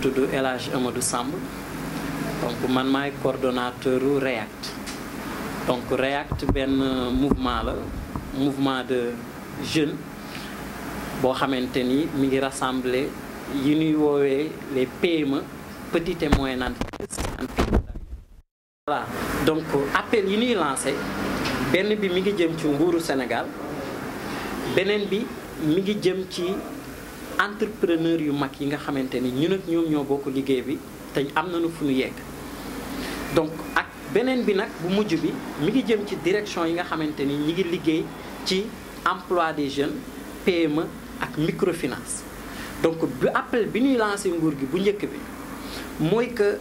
tudd El Hadj Amadou Samb donc man maay coordonnateur REACT donc REACT ben mouvement la mouvement de jeunes boo xamante ni mi ngi rassembler les PME petites et moyennes entreprises voilà donc appel yi lancé Ben, bi mi ngi jëm ci nguuru Sénégal beneen bi mi ngi jëm ci entrepreneur yu mag yi nga xamante ni ñun ak ñoom ñoo bokk liggéey bi te am nañu fu ñu yegg donc ak beneen bi nag bu mujj bi mi ngi jëm ci direction yi nga xamante ni ñi ngi liggéey ci emploi des jeunes PME ak microfinance donc bu appel bi ñuy lancé nguur gi bu njëkk bi mooy que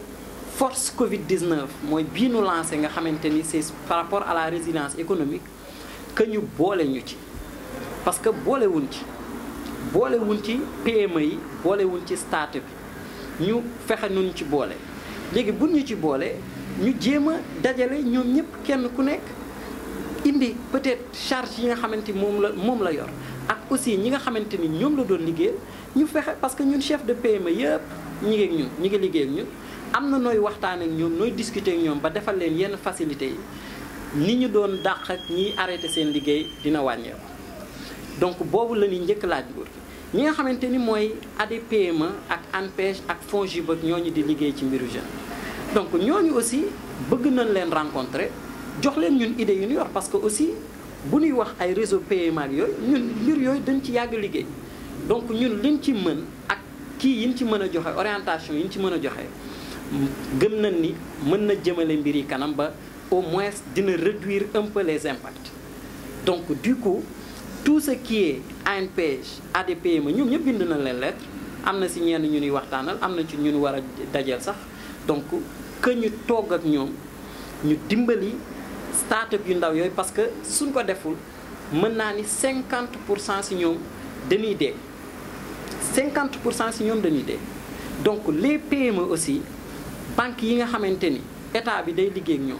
force Covid 19 mooy biinu nu lancé nga xamante ni c'est par rapport à la résilience économique que ñu boole ñu ci parce que boolewuñ ci. boole boolewul ci PME yi boolewul ci start bi ñu fexe nuñ ci boole léegi bu ñu ci boole ñu jéem a dajale ñoom ñëpp kenn ku nekk indi peut-être charge yi nga xamante moom la moom la yor ak aussi ñi nga xamante ni ñoom la doon liggéeyal ñu fexe parce que ñun chef de PME yëpp ñi ngi ak ñun ngi liggéey ak ñun am na nooy waxtaan ak ñoom nooy discuter ak ñoom ba defal leen yenn facilité yi ni ñu doon dàq ak ñiy arrêté seen liggéey dina wàññeeku donc boobu la ñuy njëkk laaj nguur ñi nga xamante ni mooy ADPME ak ANPEJ ak FONGIP ak ñooñu di liggéey ci mbiru jeune donc ñooñu aussi bëgg nañ leen rencontrer jox leen ñun idée yu ñu yor parce que aussi bu ñuy wax ay réseau PMA ak yooyu ñun mbir yooyu dañ ci yàgg liggéey donc ñun liñ ci mën ak kii yiñ ci mën a joxe orientation yiñ ci mën a joxe gëm nañ ni mën na jëmale mbir yi kanam ba au moins dina réduire un peu les impacts donc du coup tout ce qui est ANPEJ ADPME ñoom ñëpp bind nañ leen lettre am na si ñenn ñu ñuy waxtaanal am na ci ñun war a sax donc que ñu toog ak ñoom ñu dimbali start-up yu ndaw yooyu parce que suñ ko deful mën 50 pour cent si ñoom 50 pour cent si ñoom donc les PME aussi banques yi nga xamante ni état bi day liggéey ak ñoom.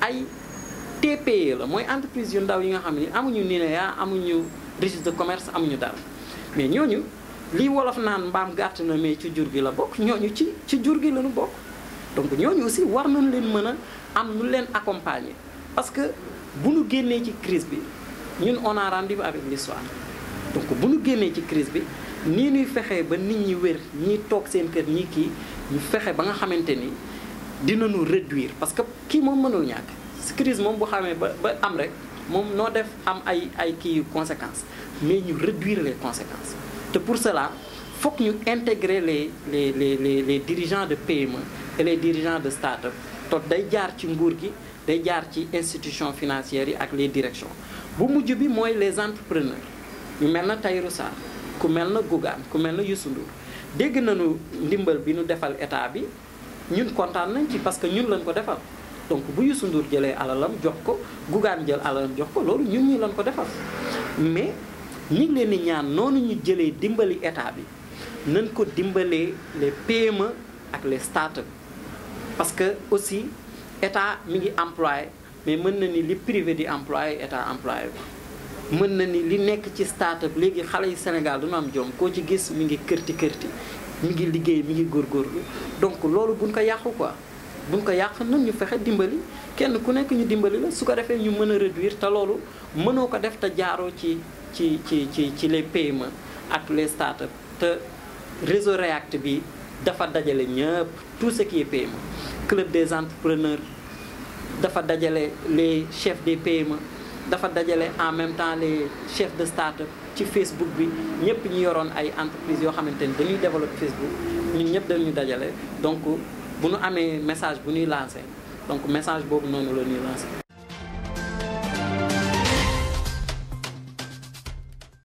ay tp la mooy entreprise yu ndaw yi nga xam ni amuñu NINEA amuñu registre de commerce amuñu dara mais ñooñu lii wolof naan mbaam gàtt na mais ci jur gi la bokk ñooñu ci ci jur gi lañu bokk donc ñooñu aussi war nañ leen mën a am nu leen accompagner parce que bu ñu génnee ci crise bi ñun on a rendez-vous avec l'histoire donc bu ñu génnee ci crise bi nii ñuy fexee ba nit ñi wér ñiy toog seen kër ñi kii ñu fexe ba nga xamante ni nous réduire parce que qui moom mënul ñak si crise moom bu xamé ba des am rek no def am ay ay conséquences mais ñu réduire les conséquences te pour cela que ñu intégrer les les les les dirigeants de PME et les dirigeants de start-up te day jaar ci nguur gi day jaar ci institutions financières ak les directions bu nous bi moy les entrepreneurs ñu melna les ku melna na nous ku melna Youssou dégg nañu ndimbal bi ñu défal état bi ñun kontaan nañ ci parce que ñun lañ ko defal donc bu ñu Ndour jëlee alalam jox ko Bougane jël alalam jox ko loolu ñun ñi lañ ko defal mais ñi ngi leen di ñaan noonu ñu jëlee dimbali état bi nan ko dimbalee les PME ak les start parce que aussi état mi ngi employé mais mën na ni li privé di employé état employé bi mën na ni li nekk ci start-up léegi xale yu Sénégal du duñu am jom koo ci gis mi ngi kërti kërti mi ngi liggéey mi ngi góor góorgóorlu donc loolu buñ ko yàqu quoi buñ ko yàq nañ ñu fexe dimbali kenn ku nekk ñu dimbali la su ko defee ñu mën a réduire te loolu mënoo ko def te jaaroo ci ci ci ci ci les PME ak les start-up te réseau REACT bi dafa dajale ñëpp tout ce qui est PME club des entrepreneurs dafa dajale les chefs des PME dafa dajale en même temps les chefs de start-up ci Facebook bi ñëpp ñu yoroon ay entreprises yo xamante dañuy développer Facebook ñun ñëpp dañuy dajale donc bu ñu amee message bu ñuy lancé donc message boobu noonu la ñuy lancé.